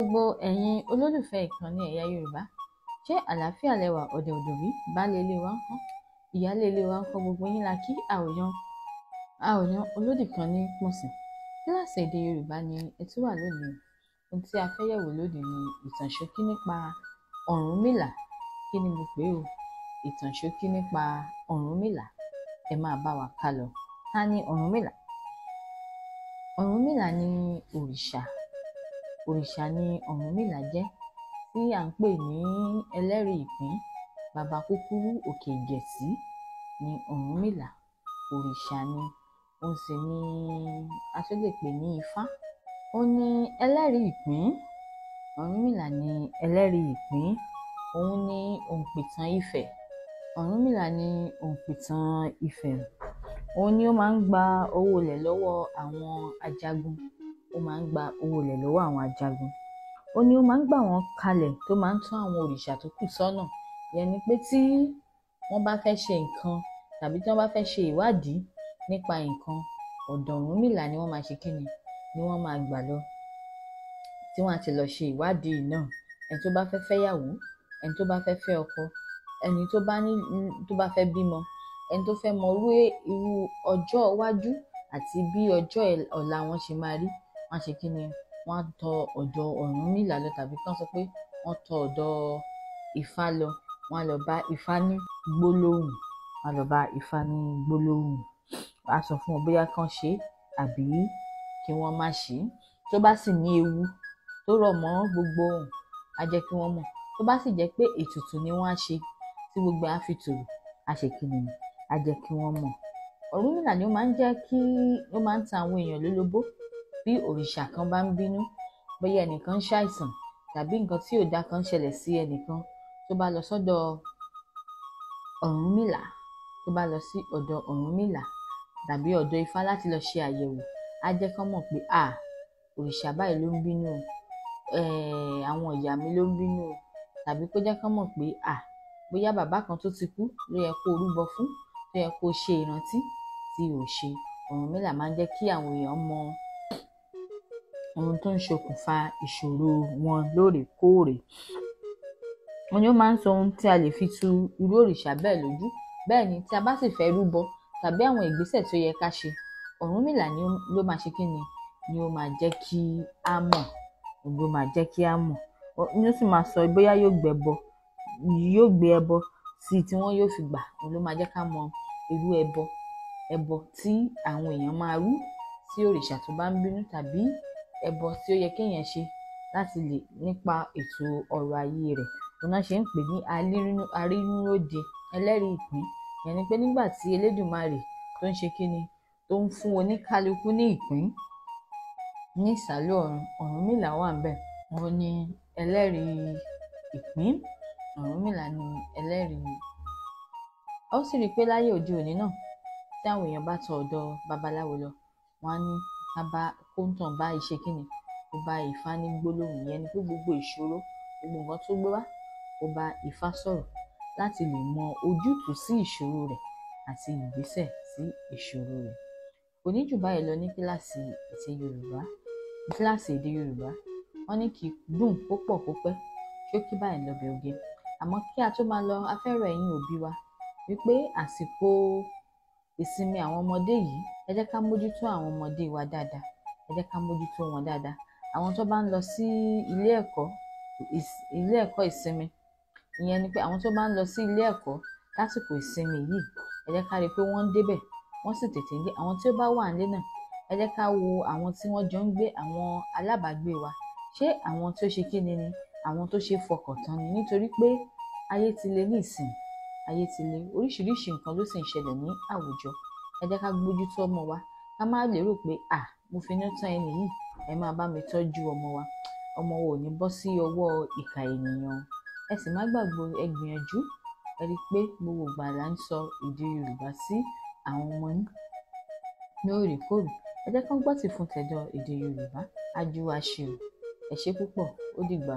gbogbo ẹ̀yin olólùfẹ́ ìkànnì ẹ̀yà yorùbá ṣé àlàáfíà lẹwà ọ̀dẹ̀ ọ̀dọ̀ bí baálé ilé wa ń kọ́ ìyáálé ilé wa ń kọ́ gbogbo yín la kí àwòyàn àwòyàn olódì kan ní pọ̀sìn kíláàsì èdè yorùbá ni ẹ tún wà lónìí ohun tí a fẹ́ yẹ̀wò lónìí ni ìtàn ṣókí nípa ọ̀rúnmìlà kí ni mo pè o ìtàn ṣókí nípa ọ̀rúnmìlà ẹ máa bá wa ká lọ ta ni ọ̀rúnmìlà ọ̀rúnmìlà ni òrìṣà òrìṣà ni Ọ̀rúnmìlà jẹ́ tí à ń pè ní ẹlẹ́rìí ìpín bàbá kúkúrú òkè ìgẹ̀sí ni Ọ̀rúnmìlà òrìṣà ni òun sì ni a tún lè pè ní ifá ó ní ẹlẹ́rìí ìpín Ọ̀rúnmìlà ni ẹlẹ́rìí ìpín òun ni òǹpìtàn Ifẹ̀ Ọ̀rúnmìlà ni òǹpìtàn Ifẹ̀ òun ni ó máa ń gba owó ilẹ̀ lọ́wọ́ àwọn ajagun ó máa ń gba owó ilẹ̀ lọ́wọ́ àwọn ajagun ó ní ó máa ń gbà wọ́n kalẹ̀ tó máa ń tọ́ àwọn òrìṣà tó kù sọ́nà ìyẹn ni pé tí wọ́n bá fẹ́ ṣe nǹkan tàbí tí wọ́n bá fẹ́ ṣe ìwádìí nípa nǹkan ọ̀dọ̀ Ọ̀rúnmìlà ni wọ́n máa ṣe kí ni ni wọ́n máa gbà lọ tí wọ́n á ti lọ ṣe ìwádìí náà ẹni tó bá fẹ́ fẹ́yàwó ẹni tó bá fẹ́ fẹ́ ọkọ ẹni tó bá fẹ́ bímọ ẹni tó fẹ́ mọ irú ọjọ́ iwájú àti bí ọjọ́ ọ̀la wọn ṣe máa rí á ṣe kí ni wọ́n á tọ ọ̀dọ̀ Ọ̀rúnmìlà lọ tàbí kí wọ́n sọ pé wọ́n tọ ọ̀dọ̀ Ifá lọ wọ́n á lọ bá Ifá ní gbólóhùn wọ́n á lọ bá Ifá ní gbólóhùn wọ́n á sọ fún wọn bóyá kán ṣe àbí kí wọ́n má ṣe tó bá sì ní ewu tó rọ̀ mọ́ gbogbo ohun á jẹ́ kí wọ́n mọ̀ tó bá sì jẹ́ pé ètùtù ni wọ́n á ṣe tí gbogbo e á fi tòrò á ṣe kí ni á jẹ́ kí wọ́n mọ̀ Ọ̀rúnmìlà ni ó máa ń jẹ́ kí ó máa ń ta àwọn èèyàn lólobó bí òrìṣà kan bá ń bínú bóyá ẹnìkan ń ṣàìsàn tàbí nǹkan tí ò da kan ṣẹlẹ̀ sí ẹnìkan tó bá lọ sọ́dọ̀ Ọ̀rúnmìlà tó bá lọ sí ọ̀dọ̀ Ọ̀rúnmìlà tàbí ọ̀dọ̀ Ifá láti lọ ṣe àyẹ̀wò á jẹ́ kán mọ̀ pé à òrìṣà báyìí ló ń bínú o àwọn ìyá mi ló ń bínú o tàbí kó jẹ́ kán mọ̀ pé à bóyá bàbá kan tó ti kú ló yẹ kó o fún tó yẹ kó ṣe ìrántí tí o ṣe Ọ̀rúnmìlà máa ń jẹ́ kí àwọn èèyàn mọ̀ ohun tó ń ṣokùnfà ìṣòro wọn lóòrèkóòrè wọn ni ó máa ń sọ ohun tí a lè fi tu irú òrìṣà bẹ́ẹ̀ lójú bẹ́ẹ̀ ni tí a bá sì fẹ́ rúbọ tàbí àwọn ìgbésẹ̀ tó yẹ ká ṣe Ọ̀rúnmìlà ni ló máa ṣe kíni ni ó máa jẹ́ kí á mọ̀ ló máa jẹ́ kí á mọ̀ ni ó sì máa sọ bóyá yóò gbé ẹbọ yóò gbé ẹbọ sí tí wọ́n yóò fi gbà òun ló máa jẹ́ ká mọ irú ẹbọ ẹbọ tí àwọn èèyàn máa rú sí òrìṣà tó bá ń bínú tàbí ẹbọ tí ó yẹ kéèyàn ṣe láti lè nípa ètò ọrọ̀ ayé rẹ̀ òun náà ṣe ń pè ní arínúróde ẹlẹ́rìí ìpín ìyẹn ni pé nígbà tí Elédùmarè tó ń ṣe kíni tó ń fún oníkálukú ní ìpín ní ìsàlẹ̀ ọ̀run Ọ̀rúnmìlà wà ń bẹ̀ òun ni ẹlẹ́rìí ìpín Ọ̀rúnmìlà ni ẹlẹ́rìí ó sì rí i pé láyé òde òní náà tí àwọn èèyàn bá tọ ọ̀dọ̀ babaláwo lọ wọ́n á ní aba kóńtàn báyìí ṣe kí ni ó bá Ifá ní gbólóhùn yẹn ni pé gbogbo ìṣòro gbogbo nǹkan tó gbé wá ó bá Ifá sọ̀rọ̀ láti lè mọ ojútùú sí ìṣòro rẹ̀ àti ìgbésẹ̀ sí ìṣòro rẹ̀ kò ní jù báyìí lọ ní kíláàsì èdè Yorùbá kíláàsì èdè Yorùbá wọ́n ní kì í dùn púpọ̀ púpẹ́ ṣókí báyìí lọ́bẹ̀ oge àmọ́ kí a tó máa lọ afẹ́rọ̀ ẹ̀yin òbí wa wípé àsìkò ìsinmi àwọn ọmọdé yìí ẹ jẹ́ ká mójútó àwọn ọmọdé wa dáadáa ẹ jẹ́ ká mójútó wọn dáadáa àwọn tó bá ń lọ sí ilé ẹ̀kọ́ ilé ẹ̀kọ́ ìsinmi ìyẹn ni pé àwọn tó bá ń lọ sí ilé ẹ̀kọ́ lásìkò ìsinmi yìí ẹ jẹ́ ká rí i pé wọ́n ń débẹ̀ wọ́n sì tètè ń dé àwọn tí ó bá wà nílé náà ẹ jẹ́ ká wo àwọn tí wọ́n jọ ń gbé àwọn alábàágbé wa ṣé àwọn tó ṣe kí ni ni àwọn tó ṣe fọkàn tán ni nítorí pé ayé ti le ní ìsìn ayé ti le oríṣiríṣi nǹkan ló sì ń ṣẹlẹ̀ ní àwùjọ ẹ jẹ́ ká gbójú tó ọmọ wa ká má lérò pé à mo fi iná tán ẹni yìí ẹ máa bá mi tọ́jú ọmọ wa ọmọ wa ò ní bọ́ sí ọwọ́ ìka ènìyàn ẹ sì má gbàgbọ́ ẹ gbìyànjú ẹ rí i pé gbogbo ìgbà là ń sọ èdè Yorùbá sí àwọn ọmọ yín lóòrèkóòrè ẹ jẹ́ kán gbọ́ ti fún tẹ̀dọ̀ èdè Yorùbá á ju àṣẹ ẹ ṣé púpọ̀ ó dìgbà.